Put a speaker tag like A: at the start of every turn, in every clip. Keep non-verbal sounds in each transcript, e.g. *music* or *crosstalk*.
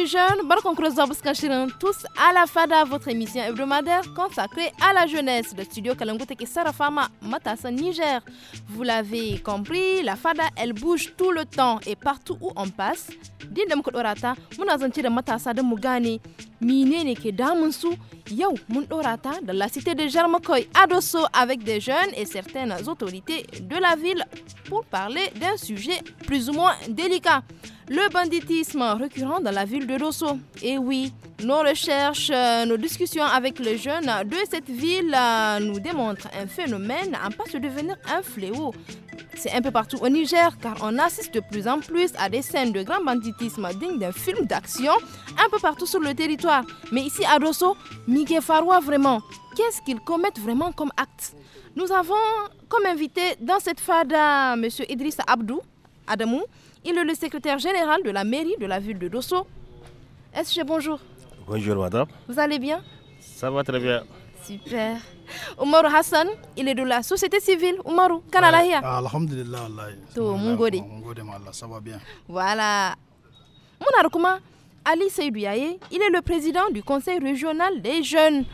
A: amis jeunes, bonjour hein. tous à la FADA, votre émission hebdomadaire consacrée à la jeunesse. Le studio Kalangoute qui Sarafama, Matassa, Niger. Vous l'avez compris, la FADA, elle bouge tout le temps et partout où on passe. Din da muka dorata, muna zance de Matassa Mugani, mu ke damun su yau mun la cité de Jarmakoy Adosso, avec des jeunes et certaines autorités de la ville pour parler d'un sujet plus ou moins délicat le banditisme récurrent dans la ville de Rosso. Et eh oui, nos recherches, euh, nos discussions avec les jeunes de cette ville euh, nous démontrent un phénomène en passe de devenir un fléau. C'est un peu partout au Niger car on assiste de plus en plus à des scènes de grand banditisme digne d'un film d'action un peu partout sur le territoire. Mais ici à rosso Miguel Faroua vraiment, qu'est-ce qu'ils commettent vraiment comme acte Nous avons comme invité dans cette fada M. Idrissa Abdou, Adamou, il est le secrétaire général de la mairie de la ville de Dosso. Est-ce SG, bonjour.
B: Bonjour, madame. Vous allez bien Ça va très bien.
A: Super. Omar Hassan, il est de la société civile. Omar, kanalahia.
C: Ah, alhamdulillah, Allah.
A: To, mungodi.
C: Mungodi, Allah, ça va bien.
A: Voilà. Mounarukuma, Ali Seydou il est le président du conseil régional des jeunes.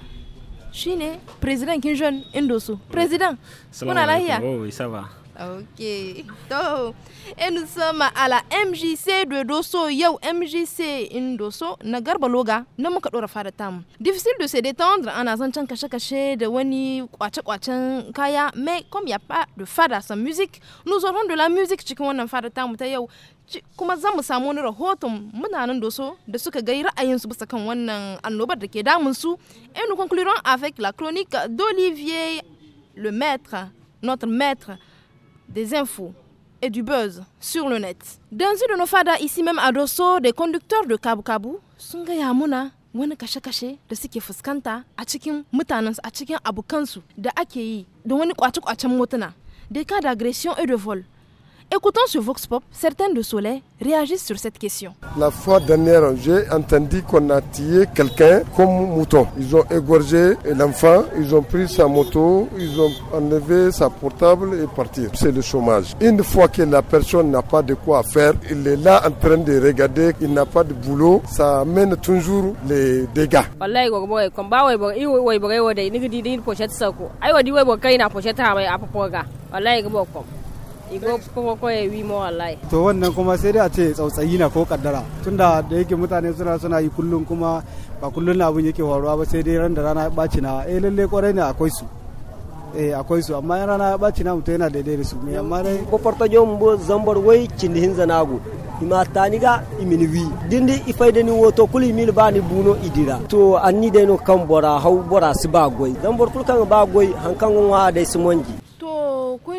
A: Chine, président Kinjon, Indosso. Président. Mounalahia. Oh, oui, ça va. Ok. Donc, et nous sommes à la MJC de Dosso. Yo, MJC in Dosso. Nagarbaloga. faire dora faratam. Difficile de se détendre en azanchan kacha caché de Weni, kwacha kwachan kaya. Mais comme il n'y a pas de fada sans musique, nous aurons de la musique. Chikwana faratam. Tayo. kuma zamu samu wani rahoton mutanen doso da suka gai ra'ayinsu bisa kan wannan annobar da ke damun su et nous conclurons avec la chronique d'Olivier le maître notre maître des infos et du buzz sur le net. Dans une de nos fadas, ici même à Dosso, des conducteurs de Kabu Kabu, Sungaya Muna, wani kashe-kashe da suke fuskanta a cikin mutanensu a cikin abokansu da ake yi da wani kwace-kwacen motuna des cas d'agression et de vol Écoutons ce Vox Pop, certains de Soleil réagissent sur cette question.
B: La fois dernière, j'ai entendu qu'on a tiré quelqu'un comme mouton. Ils ont égorgé l'enfant, ils ont pris sa moto, ils ont enlevé sa portable et partir. C'est le chômage. Une fois que la personne n'a pas de quoi faire, il est là en train de regarder, il n'a pas de boulot, ça
C: amène toujours les dégâts.
A: kuma
D: ko ya wi wallahi
E: to wannan kuma sai dai a ce tsautsayi na ko kaddara tunda da yake mutane suna suna yi kullun kuma ba kullun abun yake faruwa ba sai dai ran da rana ya baci na eh lalle kwarai ne akwai su eh akwai su amma yan rana ya baci na mutum yana daidai da su ne amma dai ko farta jom bo zambar wai hin zanago ima taniga imini wi dindi da ni woto kuli mil bani buno idira to anni deno kam bora hau bora siba goy zambor kul kan ba goy hankan wa dai simonji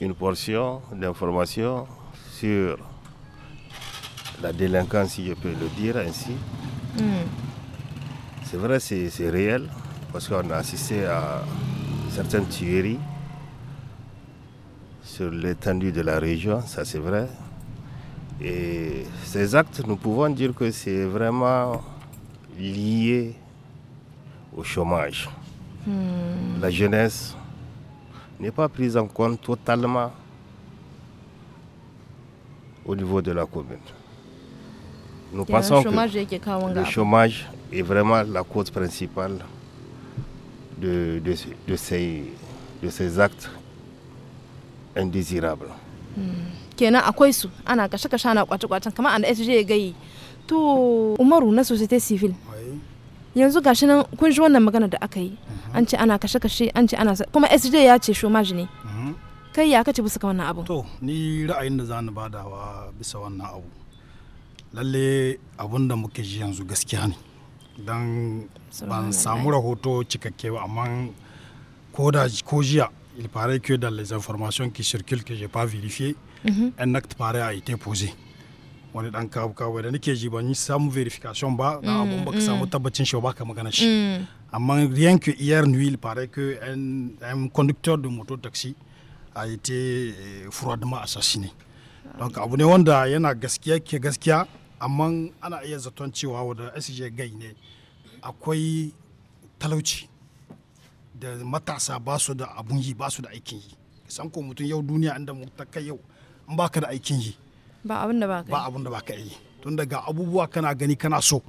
B: une portion d'information sur la délinquance, si je peux le dire ainsi. Hmm. C'est vrai, c'est réel, parce qu'on a assisté à certaines tueries sur l'étendue de la région, ça c'est vrai. Et ces actes, nous pouvons dire que c'est vraiment lié au chômage.
F: Hmm.
B: La jeunesse n'est pas prise en compte totalement au niveau de la commune. Nous pensons que le chômage est vraiment la cause principale de, de, de, ces, de ces actes indésirables.
A: Hmm. kenan akwai su ana kashe-kashe ana kwace-kwacen an sj to na société civile yanzu gashi nan kun ji wannan magana da aka yi mhm. an ce ana kashe-kashe an ce ana kuma sj ya ce shomaji ne mhm. kai ya kace bisa ka wannan abu to
C: ni ra'ayin da zani badawa bisa wannan abu lalle abun da muke ji yanzu gaskiya ne don ban samu rahoto cikakke ba amma ko da ko jiya il paraît que dans les informations qui circulent que j'ai pas vérifié mhm. un a été posé wani dan kawo kawo da nake ji ban samu verification ba na mm, abun baka mm. samu tabbacin shi ba ka magana shi mm. amma rien que hier nuit il que un, un conducteur de moto taxi a été eh, froidement assassiné donc abu ne wanda yana gaskiya ke gaskiya amma ana iya zaton cewa wanda SJ gai ne akwai talauci da matasa ba su da abun yi ba su da aikin yi san ko mutum yau duniya inda mutaka yau in baka da aikin yi ba abin da ba ka ba abin da ba ka yi tun daga abubuwa kana gani kana so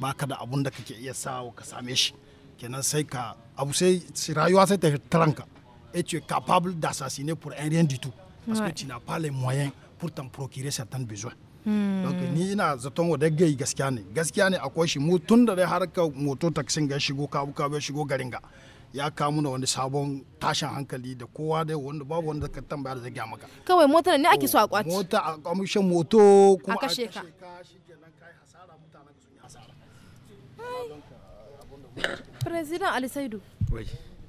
C: ba ka da abun da kake iya sawa ka same shi kenan sai ka abu sai rayuwa sai ta taranka et tu es capable d'assassiner pour un rien du tout parce que tu n'as pas les moyens pour t'en procurer certains besoins hmm. donc ni ina zaton wadda gai gaskiya ne gaskiya ne akwai shi mu tun da dai har ka moto taxi ga shigo shigo garin ga ya kamu da wani sabon tashin hankali da kowa dai wanda babu wanda ka tambaya da zagya maka kawai motar ne ake so a oh, kwaci mota a kwamishin moto kuma a kashe ka shikenan kai hasara mutanen sun yi hasara
A: president ali saidu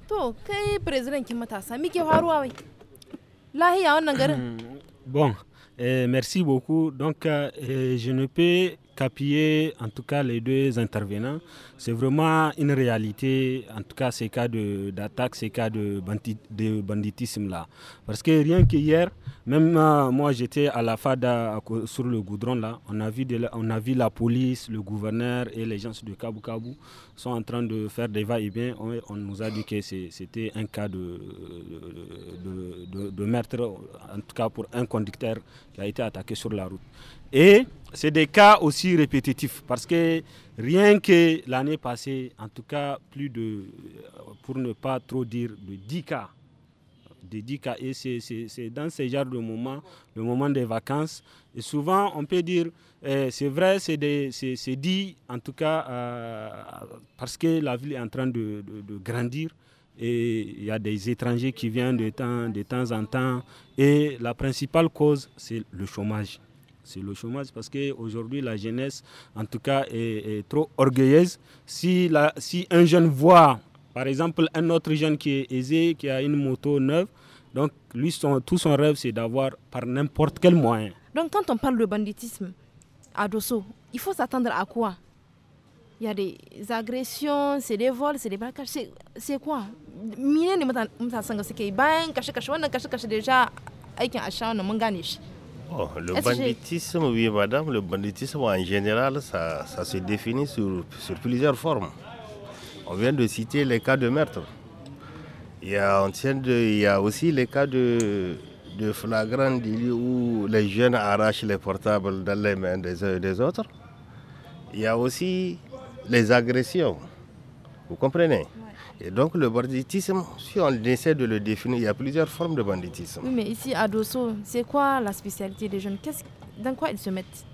A: to kai president kin matasa muke faruwa wai lahiya wannan garin
G: hmm,
H: bon eh, merci beaucoup donc euh, je ne peux tapier en tout cas les deux intervenants, c'est vraiment une réalité, en tout cas ces cas d'attaque, ces cas de, banditisme-là. Parce que rien qu'hier, même euh, moi j'étais à la FADA sur le goudron, là, on a, vu la, on a la police, le gouverneur et les gens de Kabou Kabou sont en train de faire des va-et-vient. On, nous a dit que c'était un cas de meurtre, en tout cas pour un conducteur qui a été attaqué sur la route. Et c'est des cas aussi répétitifs parce que rien que l'année passée, en tout cas plus de, euh, pour ne pas trop dire, de 10 cas. 10 cas. Et c'est dans ce genre de moment, le moment des vacances. Et souvent, on peut dire, euh, c'est vrai, c'est dit, en tout cas, euh, parce que la ville est en train de, de grandir et il y a des étrangers qui viennent de temps, de temps en temps. Et la principale cause, c'est le chômage. C'est le chômage parce qu'aujourd'hui, la jeunesse, en tout cas, est, trop orgueilleuse. Si, si un jeune voit, par exemple, un autre jeune qui est aisé, qui a une moto neuve, donc lui, son, tout son rêve, c'est d'avoir par n'importe quel moyen.
A: Donc quand on parle de banditisme à Dosso, il faut s'attendre à quoi il y a des agressions, c'est des vols, c'est des braquages, c'est quoi
B: Oh, le banditisme, oui madame, le banditisme en général, ça, ça se définit sur, plusieurs formes. On vient de citer les cas de meurtre. Il y a, aussi les cas de, de flagrant où les jeunes arrachent les portables dans les mains des uns et des autres. Il y a aussi les agressions. Vous comprenez et donc le banditisme, si on essaie de le définir, il y a plusieurs formes de banditisme. Oui,
A: mais ici à Dosso, c'est quoi la spécialité des jeunes Dans quoi ils se mettent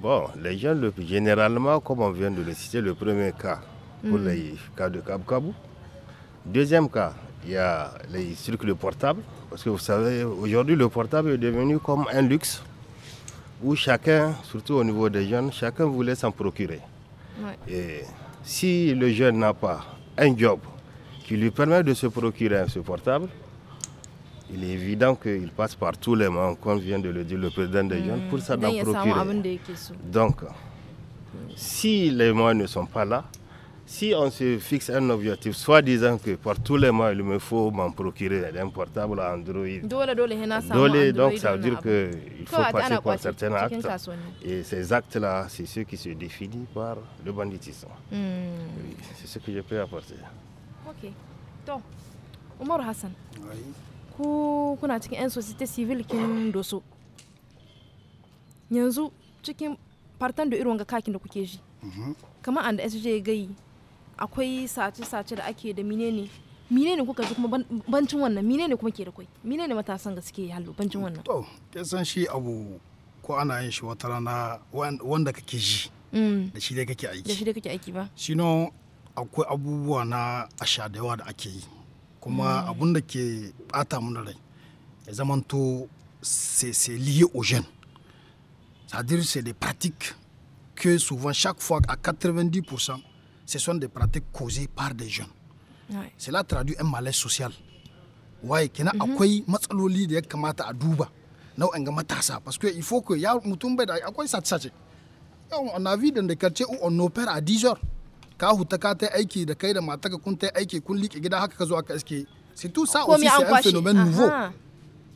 B: Bon, les jeunes, généralement, comme on vient de le citer, le premier cas, pour hmm. les cas de Kabou. Deuxième cas, il y a les circuits portables. Parce que vous savez, aujourd'hui, le portable est devenu comme un luxe où chacun, surtout au niveau des jeunes, chacun voulait s'en procurer. Et si le jeune n'a pas un job qui lui permet de se procurer un supportable, il est évident qu'il passe par tous les mains, comme vient de le dire le président des jeunes, pour s'en hmm. procurer. Donc, si les moyens ne sont pas là, si on se fixe un objectif, soit disant que pour tous les mois, il me faut m'en procurer un portable Android.
A: Dole, donc ça veut dire
B: qu'il faut passer par certains actes. Et ces actes-là, c'est ceux qui se définissent par le banditisme. Hmm. Oui, c'est ce que je peux apporter.
A: Ok. Donc, Omar Hassan, vous avez une société civile qui nous dosso. Yanzu, cikin partant de irin wanga kakin Comment kuke ji. Mhm. Kamar an da SJ akwai sace-sace da ake da mine ne kuka ji kuma bancin wannan mine ne kuma ke da kwai ne matasan ga suke hallo bancin wannan to
C: kin san shi abu ko ana yin shi wata rana wanda kake ji mm. da shi dai kake aiki da shi
A: dai kake aiki ba
C: shino akwai abubuwa na asha da yawa da ake yi kuma mm. abun da ke bata mun rai ya zamanto c'est lié au jeunes c'est-à-dire c'est des pratiques que souvent chaque fois à 90% ce sont des pratiques causées par des jeunes. Ouais. Cela traduit un malaise social. waye kina mhm. akwai matsaloli da ya kamata a duba nau'in ga matasa parce que il faut que y a bai da akwai sace on a vu dans des quartiers où on opère à 10 heures ka huta ka ta aiki da kai da mataka kun ta aiki kun liƙe gida haka ka aka iske c'est tout ça aussi c'est un phénomène nouveau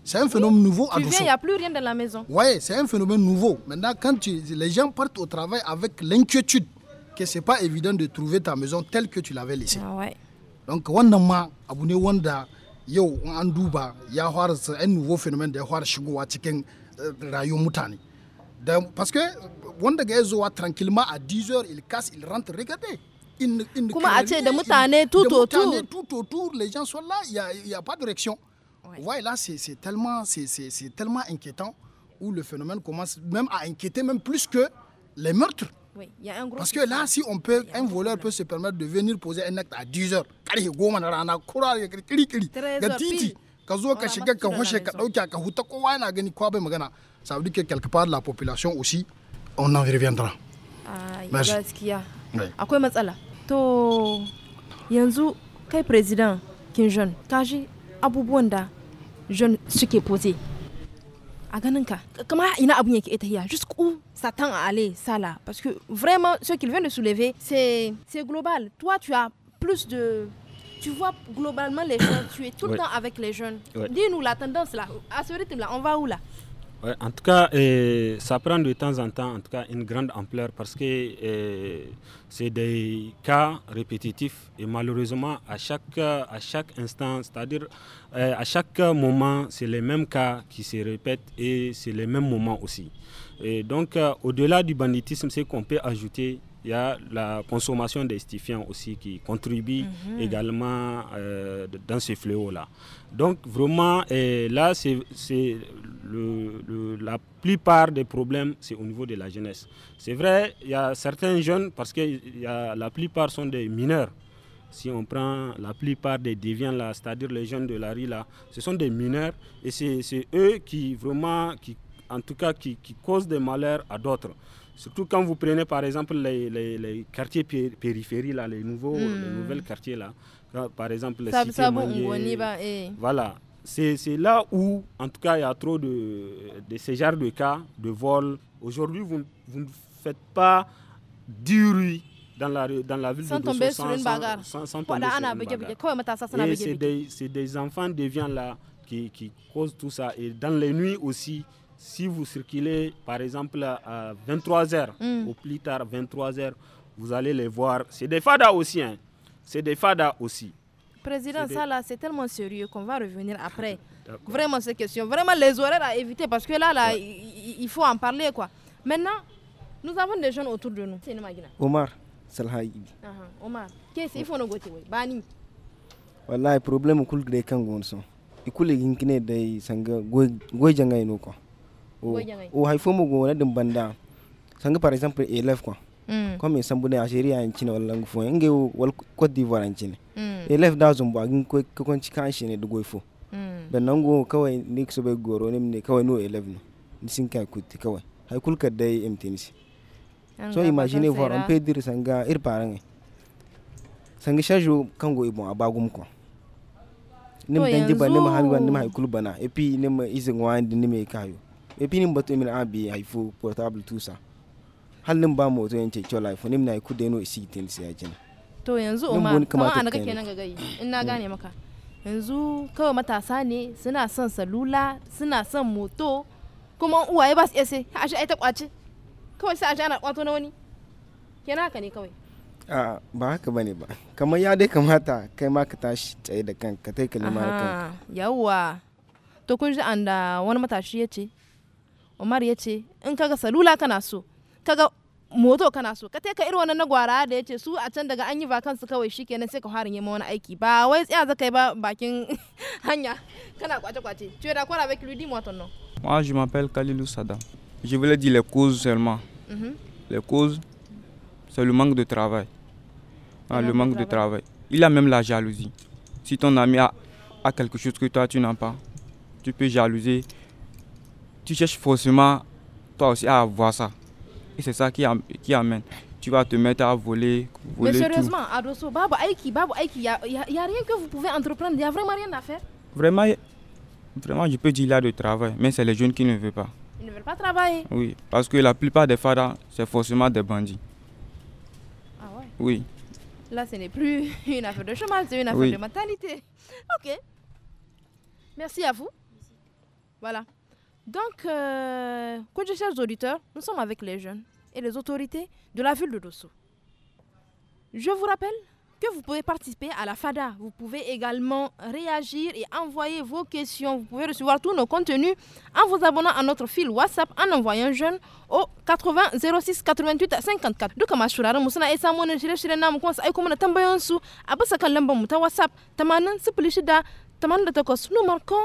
C: c'est un phénomène nouveau à viens, Il n'y a plus
A: rien dans la maison. Oui,
C: c'est un phénomène nouveau. Maintenant, quand tu, les gens partent au travail avec l'inquiétude que c'est pas évident de trouver ta maison telle que tu l'avais laissée. Ah Donc Wanda, ma wanda yo in an ya un nouveau phénomène de voir fara shigowa cikin parce que wanda Ghezoa, tranquillement à 10 heures il casse il rentre regardez In, in Comment de mutane tout autour. tout autour, les gens sont là, il n'y a, pas de réaction. Vous voyez, là, c'est tellement, c'est tellement inquiétant où le phénomène commence même à inquiéter, même plus que les meurtres. Oui, il y a un gros Parce que là, si on peut, un, voleur peut se permettre de venir poser un acte à 10 heures. Ça veut dire que quelque part, la population aussi, on en reviendra. qu'est-ce qu'il y a? il a. akwai matsala
A: to
C: yanzu kai président
A: kin jeune. kaji jeune, ce qui est posé Comment ganin ka jusqu'où Satan à aller ça là parce que vraiment ce qu'il vient de soulever c'est global toi tu as plus de tu vois globalement les gens, tu es tout le temps avec les jeunes. Dis-nous la tendance là, à ce rythme là, on va où là
H: en tout cas, euh, ça prend de temps en temps, en tout cas, une grande ampleur parce que euh, c'est des cas répétitifs et malheureusement, à chaque, à chaque instant, c'est-à-dire euh, à chaque moment, c'est les mêmes cas qui se répètent et c'est les mêmes moments aussi. donc, au-delà du banditisme, c'est qu'on peut ajouter il y a la consommation des aussi qui contribue mhm. également euh, dans ce fléau-là. Donc vraiment, là, c'est la plupart des problèmes, c'est au niveau de la jeunesse. C'est vrai, il y a certains jeunes, parce que la plupart sont des mineurs. Si on prend la plupart des déviants là, c'est-à-dire les jeunes de la rue là, ce sont des mineurs et c'est eux qui vraiment, qui, en tout cas, qui, qui causent des malheurs à d'autres. Surtout quand vous prenez par exemple les, quartiers périphériques, là, les, nouveaux, hmm. nouvelles quartiers, là, par exemple les cités eh. Voilà, c'est là où, en tout cas, il y a trop de, de genres de cas de vols. Aujourd'hui, vous, ne faites pas du ruit dans la, dans la ville sans de sur sans, sans, sans, tomber Et c'est des, des, enfants deviennent là qui, qui causent tout ça. Et dans les nuits aussi, si vous circulez par exemple à 23h ou mm. plus tard 23h, vous allez les voir. C'est des fadas aussi. Hein. C'est des fadas aussi.
A: Président, ça là, c'est tellement sérieux qu'on va revenir après. *laughs* Vraiment ces questions. Vraiment les horaires à éviter parce que là, là il, faut en parler. quoi. Maintenant, nous avons des jeunes autour de nous.
E: Omar, c'est le ah,
A: ah, Omar, qu'est-ce qu'il faut nous goûter Bani.
E: Voilà, le problème, c'est que les gens sont. Ils sont de sont o hay fo mugo na dum banda sanga par exemple élève quoi mm. comme sambune algérie en chine wala ngu fo nge wal côte d'ivoire en chine mm. élève da zumbo agin ko ko kon chikan chine do goifo mm. ben nango kawai ni so be goro ne ne kawai no élève ni ni sin ka kutti kawai hay kul ka dai emtenisi so imaginez voir on peut dire sanga ir parang e. sanga chajo kango ibon e abagum ko nim danji ba nim hanwa nim hay kul bana et puis nim isin wandi nim e kayo pinin bato min abi haifo portable tusa hallin ba mu wato yance kyola life ne mina ku da yano isi gitin sai ajin
A: to yanzu umma an ga kenan ga gai in na gane mm. maka yanzu kawai matasa ne suna son salula suna son moto kuma uwaye ba su iya sai a shi ai ta kwaci kawai sai a shi ana kwato na wani kenan haka ne kawai
E: a ba haka bane ba kamar ya dai kamata kai ma ka tashi tsaye da kanka kai kalima da kanka
A: yawwa to kun ji an da wani matashi ya ce umar ya ce in kaga salula kana so kaga moto kana so ka teka irin wannan na gwara da yace su a can daga an yi vakansu kawai shikenan sai ka fara yi wani aiki ba wai tsaya za ka yi ba bakin *laughs* hanya kana kwace kwace tu es d'accord avec lui dis-moi ton nom
G: moi je m'appelle Kalilou Sada je voulais dire les causes seulement mm -hmm. les causes c'est le manque de travail ah, le manque de travail. de travail il a même la jalousie si ton ami a, a quelque chose que toi tu n'as pas tu peux jalouser tu cherches forcément toi aussi à avoir ça. Et c'est ça qui, amène. Tu vas te mettre à voler. Mais sérieusement,
A: Adosso, Aiki, Aiki, il n'y a, rien que vous pouvez entreprendre. Il n'y a vraiment rien à faire.
G: Vraiment, vraiment, je peux dire là de travail. Mais c'est les jeunes qui ne veulent pas.
A: Ils ne veulent pas travailler.
G: Oui, parce que la plupart des fadas, c'est forcément des bandits. Ah ouais Oui.
A: Là, ce n'est plus *laughs* une affaire de chômage, c'est une affaire de mentalité. *laughs* Ok. Merci à vous. Voilà. Donc, euh, quand je cherche auditeurs, nous sommes avec les jeunes et les autorités de la ville de Dosso. Je vous rappelle que vous pouvez participer à la FADA. Vous pouvez également réagir et envoyer vos questions. Vous pouvez recevoir tous nos contenus en vous abonnant à notre fil WhatsApp en envoyant jeune au 80 06 88 54. Nous marquons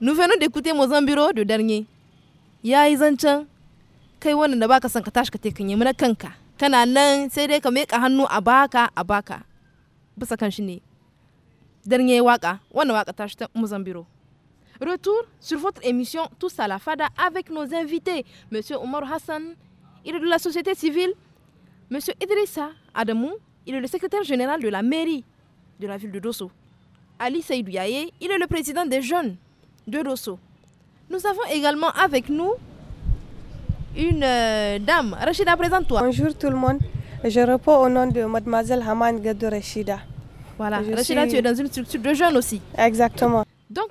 A: Nous venons d'écouter Mozambiro de dernier. Ya izanchan. kai wannan da baka son ka tashi ka te kanye mana kanka. Kana nan sai dai ka meka hannu a baka a baka. Bisa kan shi ne. Dernier waka, wannan waka tashi ta Mozambiro. Retour sur votre émission Tous à la Fada avec nos invités, Monsieur Omar Hassan, il est de la société civile, Monsieur Idrissa Adamou, il est le secrétaire général de la mairie de la ville de Dosso. Ali Saïdou Yaye, il est le président des jeunes de Nous avons également avec nous
D: une euh, dame. Rachida, présente-toi. Bonjour tout le monde. Je repose au nom de mademoiselle Haman Gadou Rachida. Voilà, Rachida, tu es dans une
A: structure de jeunes aussi.
D: Exactement. Donc,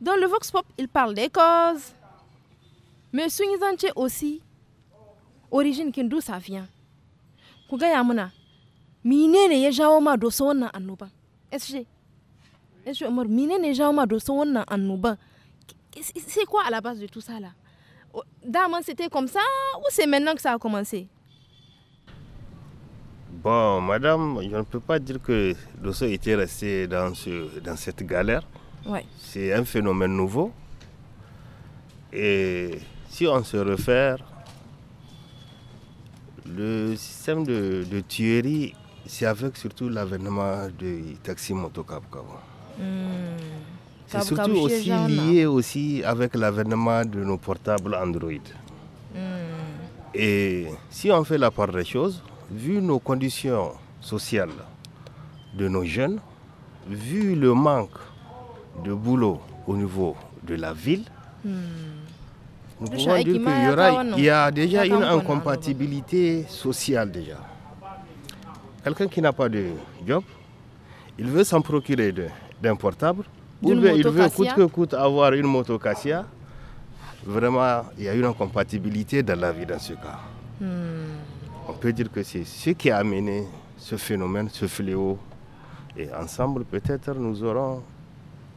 D: dans
A: le Vox Pop, il parle des causes. Mais Sunizanche aussi, origine d'où ça vient. Kugaya muna, mine ne ya doso c'est quoi à la base de tout ça là? Oh, c'était comme ça ou c'est maintenant que ça a commencé?
B: Bon, madame, je ne peux pas dire que Dosso était resté dans, ce, dans cette galère. Ouais. C'est un phénomène nouveau. Et si on se réfère, le système de, tuerie, c'est avec surtout l'avènement du taxi motocab. cab.
F: Hmm. C'est surtout aussi lié
B: aussi avec l'avènement de nos portables Android. Hmm. Et si on fait la part des choses, vu nos conditions sociales de nos jeunes, vu le manque de boulot au niveau de la ville, hmm. nous pouvons dire qu'il y, il y a déjà une incompatibilité sociale déjà. Quelqu'un qui n'a pas de job, il veut s'en procurer deux d'un portable, ou bien il veut coûte que coûte avoir une moto Cassia. Vraiment, il y a une incompatibilité dans la vie dans ce cas. Hmm. On peut dire que c'est ce qui a amené ce phénomène, ce fléau. Et ensemble, peut-être, nous aurons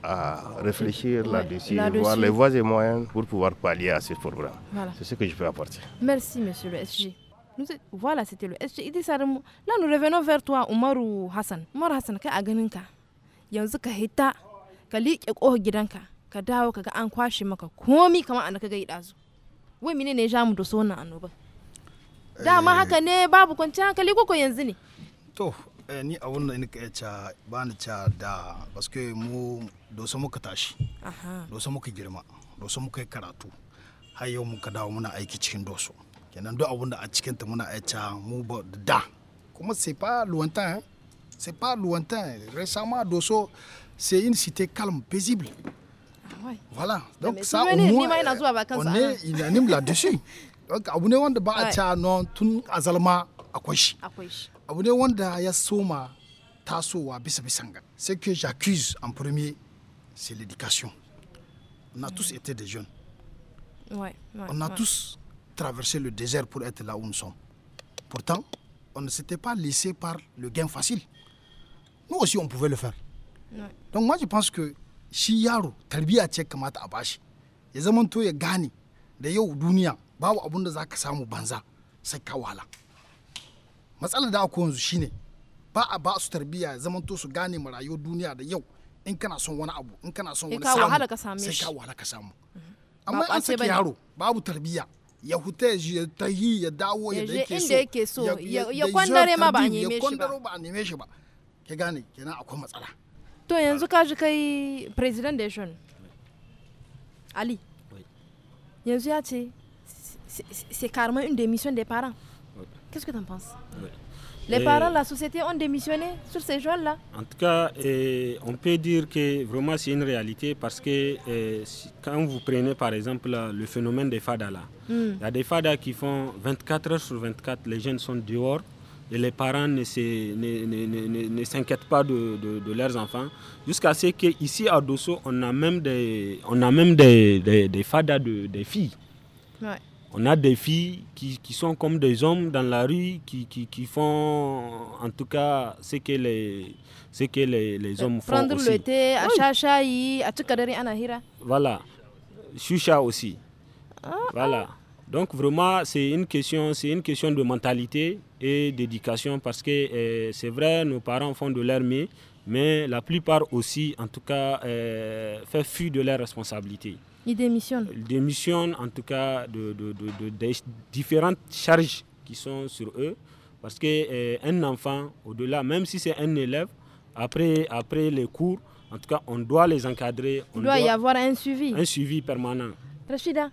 B: à réfléchir là-dessus, voir les voies et moyens pour pouvoir pallier à ce programme. C'est ce que je peux apporter.
A: Merci, monsieur le SG. E-, voilà, c'était le SG. Là, nous revenons vers toi, Omar ou Hassan. Omar Hassan, qu'est-ce que yanzu ka hita ka liƙe ƙofar gidanka ka dawo ka ga an kwashe maka komi kamar an ka ga ɗazu wai mine ne ja mu da sonan annoban dama haka ne babu kwanciyar hankali ko yanzu ne
C: to eh, ni a wannan ina kai ka ca ba ni ca da baske mu dosa muka tashi dosa muka girma dosa muka yi karatu har yau muka dawo muna aiki cikin doso kenan duk abun da a cikin ta muna aica mu ba da kuma sai fa luwanta eh, C'est pas lointain. Récemment, Dosso, c'est une cité calme, paisible. Ah ouais. Voilà. Donc ça, au moins, on est unanime hein. là-dessus. *laughs* Donc, abune wanda ba a non tun azalma akwai shi. Abune wanda ya soma tasowa bisa bisanga. Ce que j'accuse en premier, c'est l'éducation. On a tous mm. été des jeunes.
G: Ouais, ouais,
E: on a tous
C: traversé le désert pour être là où nous sommes. Pourtant, on ne s'était pas laissé par le gain facile nous aussi on pouvait le faire. Ouais. Donc moi je pense que shi yaro tarbiya ce kamata a bashi ya zamanto ya gane da yau duniya babu Abunda Zaka samu banza sai Kawala. wahala matsalar da akwai yanzu shine ba a ba su tarbiya ya zamanto su gane ma rayuwar duniya da yau in kana son wani abu in kana son wani samu sai ka ka samu mhm. amma an saki yaro babu tarbiya ya huta ya je ta yi ya dawo ya da yake so ya kwandare ma ba a neme shi ba ke gane kenan akwai matsala
A: to yanzu ka kai ali yanzu c'est carrément une démission des parents qu'est-ce que tu en penses les parents, la société ont démissionné sur ces jeunes-là.
H: En tout cas, on peut dire que vraiment c'est une réalité parce que quand vous prenez par exemple le phénomène des fadas là, hmm. il y a des fadas qui font 24 heures sur 24, les jeunes sont dehors, et les parents ne, s'inquiètent pas de, leurs enfants. Jusqu'à ce qu'ici à Dosso, on a même des, on a même des, fadas de, des filles. On a des filles qui, sont comme des hommes dans la rue, qui, qui, font en tout cas ce que les, ce que les, hommes font. Prendre le aussi.
A: Ah, ah.
H: Voilà. Chucha aussi. voilà. Donc vraiment, c'est une question, c'est une question de mentalité et d'éducation parce que euh, c'est vrai, nos parents font de l'armée, mais la plupart aussi, en tout cas, font euh, fait fuir de leurs responsabilités. Ils démissionnent. Ils démissionnent, en tout cas, de, différentes charges qui sont sur eux, parce que euh, un enfant, au-delà, même si c'est un élève, après, après les cours, en tout cas, on doit les encadrer. On Il doit, y avoir un suivi. Un suivi permanent.
A: bien.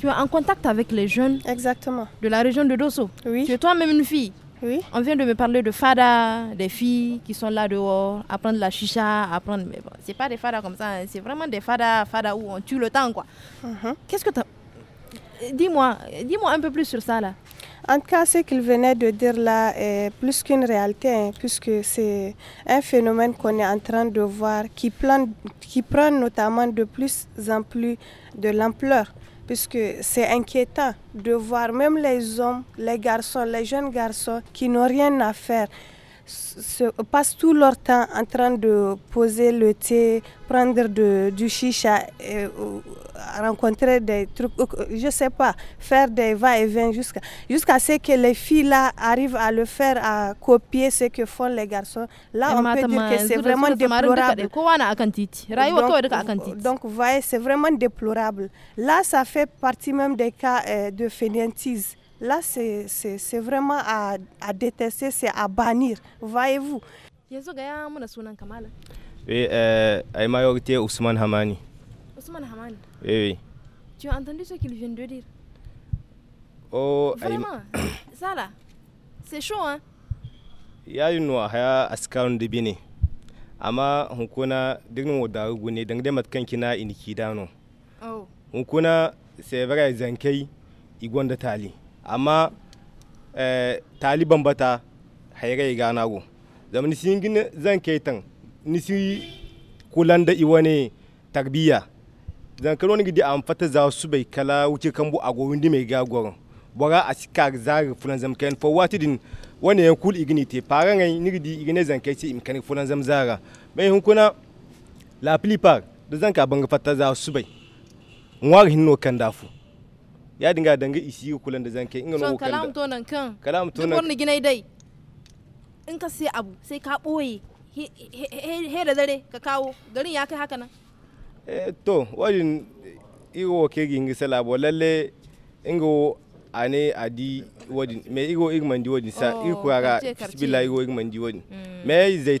A: Tu es en contact avec les jeunes Exactement. de la région de Dosso. Oui. Tu es toi-même une fille. Oui. On vient de me parler de fada, des filles qui sont là dehors, apprendre la chicha, apprendre. Mais bon, c'est pas des fadas comme ça, hein. c'est vraiment des fadas, fada où on tue le temps, quoi. Mhm. Qu'est-ce que tu Dis-moi,
D: dis-moi un peu plus sur ça, là. En tout cas, ce qu'il venait de dire là est plus qu'une réalité, hein, puisque c'est un phénomène qu'on est en train de voir qui, qui prend notamment de plus en plus de l'ampleur puisque c'est inquiétant de voir même les hommes, les garçons, les jeunes garçons qui n'ont rien à faire se, passent tout leur temps en train de poser le thé, prendre du chicha. Et, euh, rencontrer des trucs, je sais pas, faire des va-et-vient jusqu'à jusqu'à ce que les filles-là arrivent à le faire, à copier ce que font les garçons. Là, on peut dire que c'est vraiment déplorable. Donc, vous voyez, c'est vraiment déplorable. Là, ça fait partie même des cas euh, de fainéantise. Là, c'est vraiment à, à détester, c'est à bannir, voyez-vous.
A: Oui,
G: euh, Ousmane Hamani. Ousmane Oui,
A: Tu as entendu ce qu'il vient de dire
G: Oh, Vraiment
A: Ça là, c'est chaud, hein
G: Ya yi nuwa haya askarun da bine, amma hunkuna dirin wadda ne don da matkan kina iniki dano. Oh. on c'est vrai zankei igon tali, ama eh, tali bambata hairai gana go. Zamani sun tan, nisi kulan iwane tarbiya. zankaro ni gidi an fata za su bai kala wuce bu a gowin di mai gagoron bora a sika ga fulan kan fo wati din wani yan kul igini te fara ngai ni gidi igine kai ci imkan fulan zam zara mai hunkuna la plupart da ka banga fata za su bai hin hinno kan dafu ya dinga danga isi kulan da zankai inga no kan kalam
A: to nan kan
G: kalam to nan wannan
A: gine dai in ka sai abu sai ka boye he da dare ka kawo garin ya kai haka nan
G: to wajin igo ke gingi sala bo lalle ingo ane adi wajin me igo igman sa oh, iko igo igman mm. me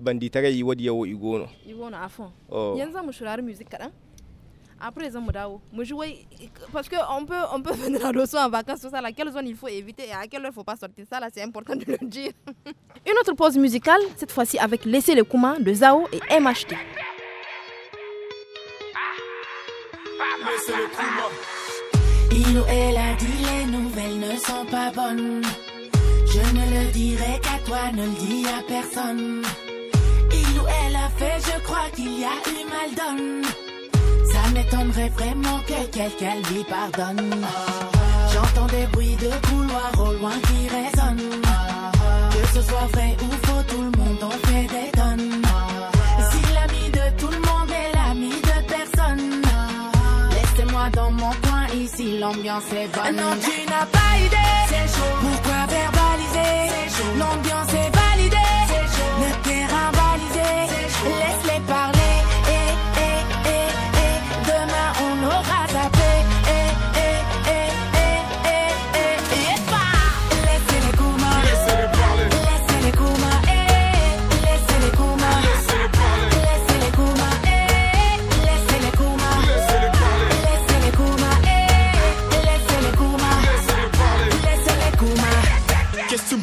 G: bandi
A: afon oh. music on parce peut, on peut venir à leçon en vacances, tout ça. zone il faut éviter et à quelle heure il ne faut pas sortir. c'est important de le dire. *laughs* Une autre pause musicale, cette fois-ci avec laisser le Kouma de Zao et MHT. Il ou elle a dit les nouvelles ne sont pas bonnes.
I: Je ne le dirai qu'à toi, ne le dis à personne. Il ou elle a fait, je crois qu'il y a eu mal donne. Ça m'étonnerait vraiment que quelqu'un lui pardonne. J'entends des bruits de couloirs au loin qui résonnent. Que ce soit vrai ou faux, tout le monde en fait des tonnes. dans mon coin, ici l'ambiance est bonne. Non, tu n'as pas idée, c'est chaud. Pourquoi verbaliser, c'est chaud. L'ambiance est validée, c'est chaud. Le terrain chaud laisse-les parler.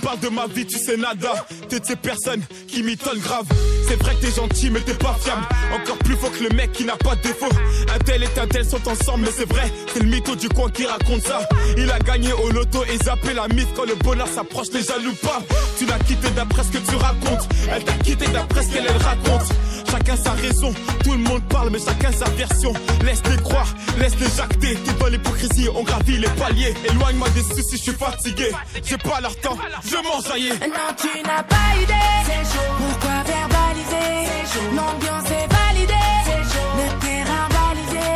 F: parle de ma vie, tu sais nada. T'es de ces personnes qui m'étonnent grave. C'est vrai que t'es gentil, mais t'es pas fiable. Encore plus faux que le mec qui n'a pas de défaut. Un tel et un tel sont ensemble, mais c'est vrai, c'est le mytho du coin qui raconte ça. Il a gagné au loto et zappé la mythe quand le bonheur s'approche, les jaloux pas. Tu l'as quitté d'après ce que tu racontes. Elle t'a quitté d'après ce qu'elle raconte. Chacun sa raison, tout le monde parle, mais chacun sa version. Laisse-les croire, laisse-les jacter. T'es dans l'hypocrisie, on gravit les paliers. Éloigne-moi des soucis, je suis fatigué. J'ai pas leur temps, je mange ça y est. Non, tu n'as pas idée. Pourquoi verbaliser
I: C'est chaud. L'ambiance est validée. C'est chaud. Le terrain validé.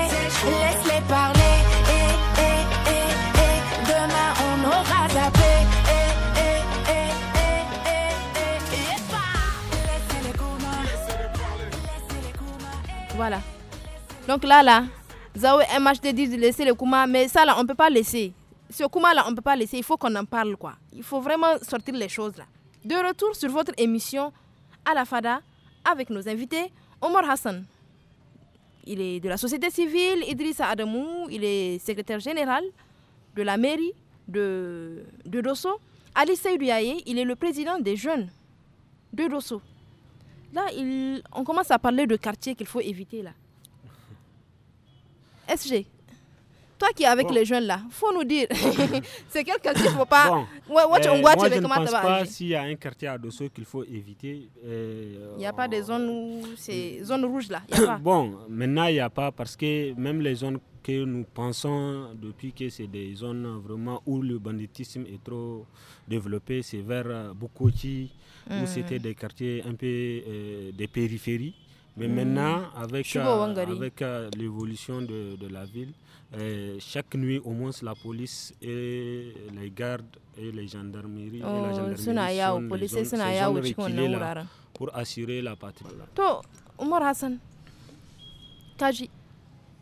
I: Laisse-les parler. et eh, et eh, et eh, et Demain, on aura tapé. et Et et et et et. Et Laissez-les communs. Laissez-les parler.
A: Laissez-les Voilà. Donc là, là, Zao MHD dit de laisser les Kuma, mais ça là, on peut pas laisser ce Kuma-là, on ne peut pas laisser. Il faut qu'on en parle, quoi. Il faut vraiment sortir les choses, là. De retour sur votre émission à la FADA, avec nos invités, Omar Hassan. Il est de la société civile, Idrissa Adamou, il est secrétaire général de la mairie de, de Dosso. Ali Seydouyaye, il est le président des jeunes de Dosso. Là, on commence à parler de quartiers qu'il faut éviter, là. SG, toi qui es avec les jeunes là, faut nous dire. *laughs* c'est quel quartier ne faut pas.
H: moi, eh, je ne pense pas s'il y a un quartier à Dosso qu'il faut éviter. Eh, il
A: n'y a pas des zones où c'est euh, zones rouge là.
H: *coughs* bon, maintenant il n'y a pas parce que même les zones que nous pensons depuis que c'est des zones vraiment où le banditisme est trop développé, c'est vers euh, Bukoti, où hmm. c'était des quartiers un peu euh, des périphéries. Mais hmm. maintenant, avec, avec l'évolution de, de, la ville, et euh, chaque nuit, au moins, la police et les gardes et les gendarmeries oh, et la oh, gendarmerie sont, là pour assurer la patrouille.
A: To, Omar Hassan, kaji,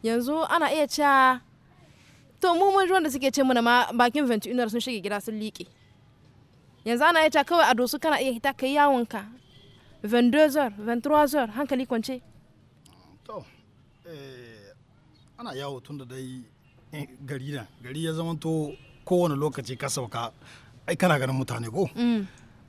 A: yanzu ana iya cewa to mu mun da suke ce mana ma bakin 21 sun shige gida sun liƙe. Yanzu ana iya cewa kawai a dosu kana iya hita kai yawonka 22h, 23h hankali kwance.
C: To, eh ana yawo tun da dai eh, gari na gari ya zama to kowane lokaci ka sauka ai kana ganin mutane ko ba mm.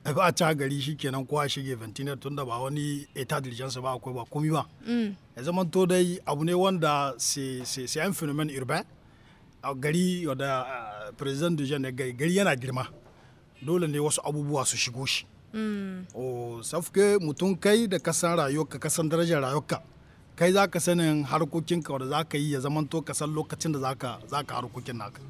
C: a ca gari shi kenan kowa shige ventinar tun da ba wani eta diligence ba akwai ba komi ba mm. ya zama to dai abu ne wanda sai an fenomen urbain a gari da eh, president de jean gari yana girma dole ne wasu abubuwa su shigo shi mm. o oh, safke mutum kai da kasan rayuwarka kasan darajar rayuwarka kai za ka sanin harkokinka wanda za ka yi ya zamanto ka san lokacin da za ka harkokin naka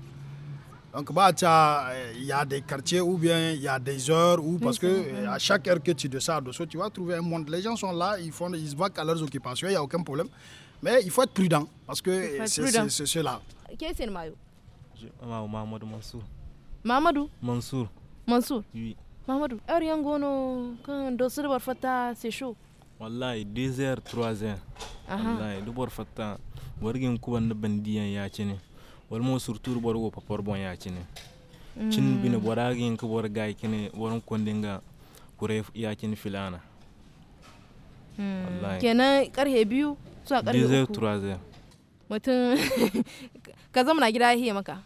C: Donc, bah, il y a eh, des quartiers ou bien il y a des heures ou parce que eh, à chaque heure que tu descends tu vas trouver un monde. Les gens sont là, ils, font, ils se vaquent à leurs occupations, il n'y a aucun problème. Mais il faut être prudent, parce que c'est cela. Qui est le maillot euh, Mahamadou Mansour. Mahamadou Mansour.
A: Mansour Oui. Mahamadou, Ariangono, quand Dossel Warfata, c'est chaud.
G: wallahi 2h 3h wallahi du bor fatta borgin kuban na bandiyan ya cine wal mo surtout bor borgo papor bon ya cine cin mm. bine boragin ku bor gay war ko woron ku ref ya cine filana mm. wallahi kenan
A: karhe biyu zuwa karhe 2h 3h mutum *laughs* ka zama na gida ya maka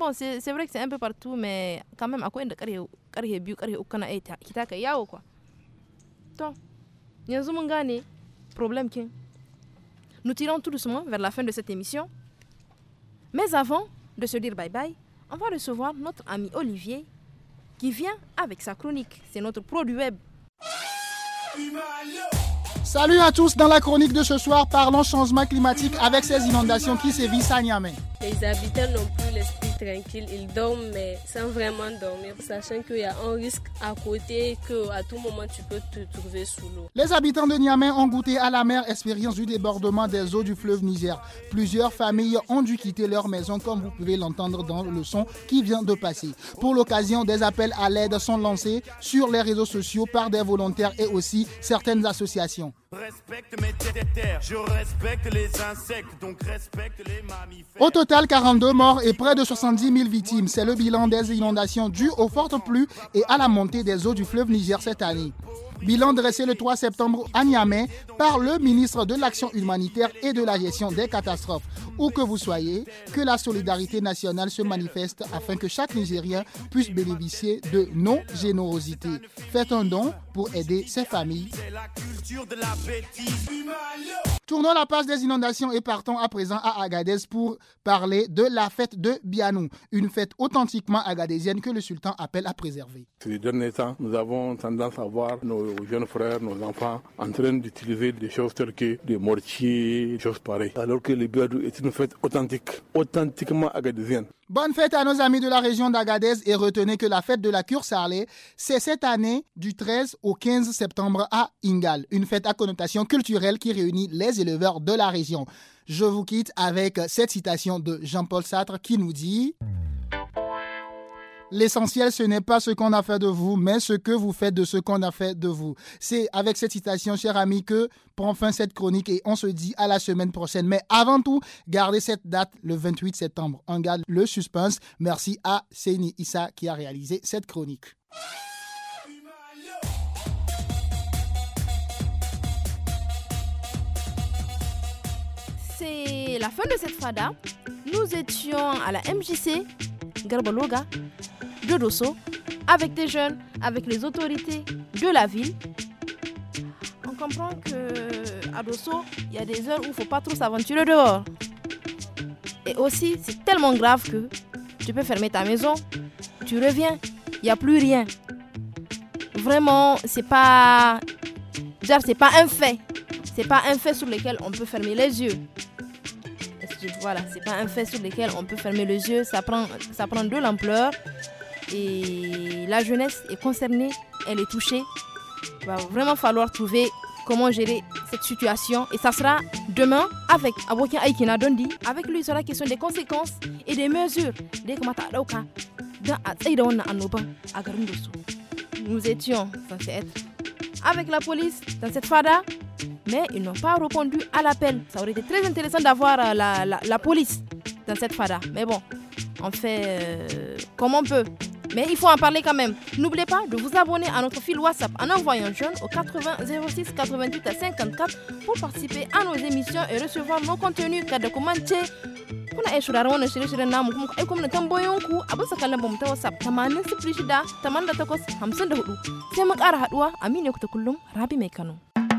A: bon c'est vrai que c'est un peu partout mais quand même akwai inda karhe biyu karhe uku kana ai kita ka yawo kwa to problème nous tirons tout doucement vers la fin de cette émission mais avant de se dire bye bye on va recevoir notre ami Olivier qui vient avec sa chronique c'est notre pro du web
J: Salut à tous, dans la chronique de ce soir, parlons changement climatique avec ces inondations qui sévissent à Niamey.
D: Les habitants n'ont plus l'esprit tranquille, ils dorment mais sans vraiment dormir, sachant qu'il y a un risque à côté et qu'à tout moment tu peux te trouver sous l'eau.
J: Les habitants de Niamey ont goûté à la mer expérience du débordement des eaux du fleuve Niger. Plusieurs familles ont dû quitter leur maison comme vous pouvez l'entendre dans le son qui vient de passer. Pour l'occasion, des appels à l'aide sont lancés sur les réseaux sociaux par des volontaires et aussi certaines associations. Au total, 42 morts et près de 60 victimes. C'est le bilan des inondations dues aux fortes pluies et à la montée des eaux du fleuve Niger cette année. Bilan dressé le 3 septembre à Niamey par le ministre de l'Action humanitaire et de la gestion des catastrophes. Où que vous soyez, que la solidarité nationale se manifeste afin que chaque Nigérien puisse bénéficier de nos générosités. Faites un don pour aider ses familles. Tournons la page des inondations et partons à présent à Agadez pour parler de la fête de Bianou, une fête authentiquement agadésienne que le sultan appelle à préserver.
C: Ces derniers temps, nous avons tendance à voir nos nos jeunes frères, nos enfants, en train d'utiliser
F: des choses telles que des mortiers, des choses pareilles. Alors que le Biadou est une fête authentique, authentiquement agadésienne.
J: Bonne fête à nos amis de la région d'Agadez et retenez que la fête de la cure sarlé c'est cette année du 13 au 15 septembre à Ingal, une fête à connotation culturelle qui réunit les éleveurs de la région. Je vous quitte avec cette citation de Jean-Paul Sartre qui nous dit... L'essentiel, ce n'est pas ce qu'on a fait de vous, mais ce que vous faites de ce qu'on a fait de vous. C'est avec cette citation, cher ami, que prend fin cette chronique et on se dit à la semaine prochaine. Mais avant tout, gardez cette date, le 28 septembre. On garde le suspense. Merci à Seni Issa qui a réalisé cette chronique.
A: C'est la fin de cette fada. Nous étions à la MJC, Garbaloga de Dosso, avec des jeunes, avec les autorités de la ville. On comprend que à Dosso, il y a des heures où il faut pas trop s'aventurer dehors. Et aussi, c'est tellement grave que tu peux fermer ta maison, tu reviens, il n'y a plus rien. Vraiment, c'est pas. Genre, c'est pas un fait. C'est pas un fait sur lequel on peut fermer les yeux voilà, c'est pas un fait sur lequel on peut fermer les yeux, ça prend, ça prend de l'ampleur et la jeunesse est concernée, elle est touchée. Il va vraiment falloir trouver comment gérer cette situation. Et ça sera demain avec Aboki Aikina Dondi. Avec lui, il sera question des conséquences et des mesures. Nous étions censés être avec la police dans cette fada, mais ils n'ont pas répondu à l'appel. Ça aurait été très intéressant d'avoir euh, la, police dans cette fada. Mais bon, on fait euh, comme on peut. Mais il faut en parler quand même. N'oubliez pas de vous abonner à notre fil WhatsApp en envoyant jeune au 80 06 88 à 54 pour participer à nos émissions et recevoir nos contenus. Kada commenter. kuna iya shuraren wannan shirye-shiryen namu kuma aiko e mana tambayoyinku a bisa kallon bamu ta WhatsApp 80 06 88 54 sai mu ƙara haɗuwa Aminu ku ta kullum Rabi Mai Kano.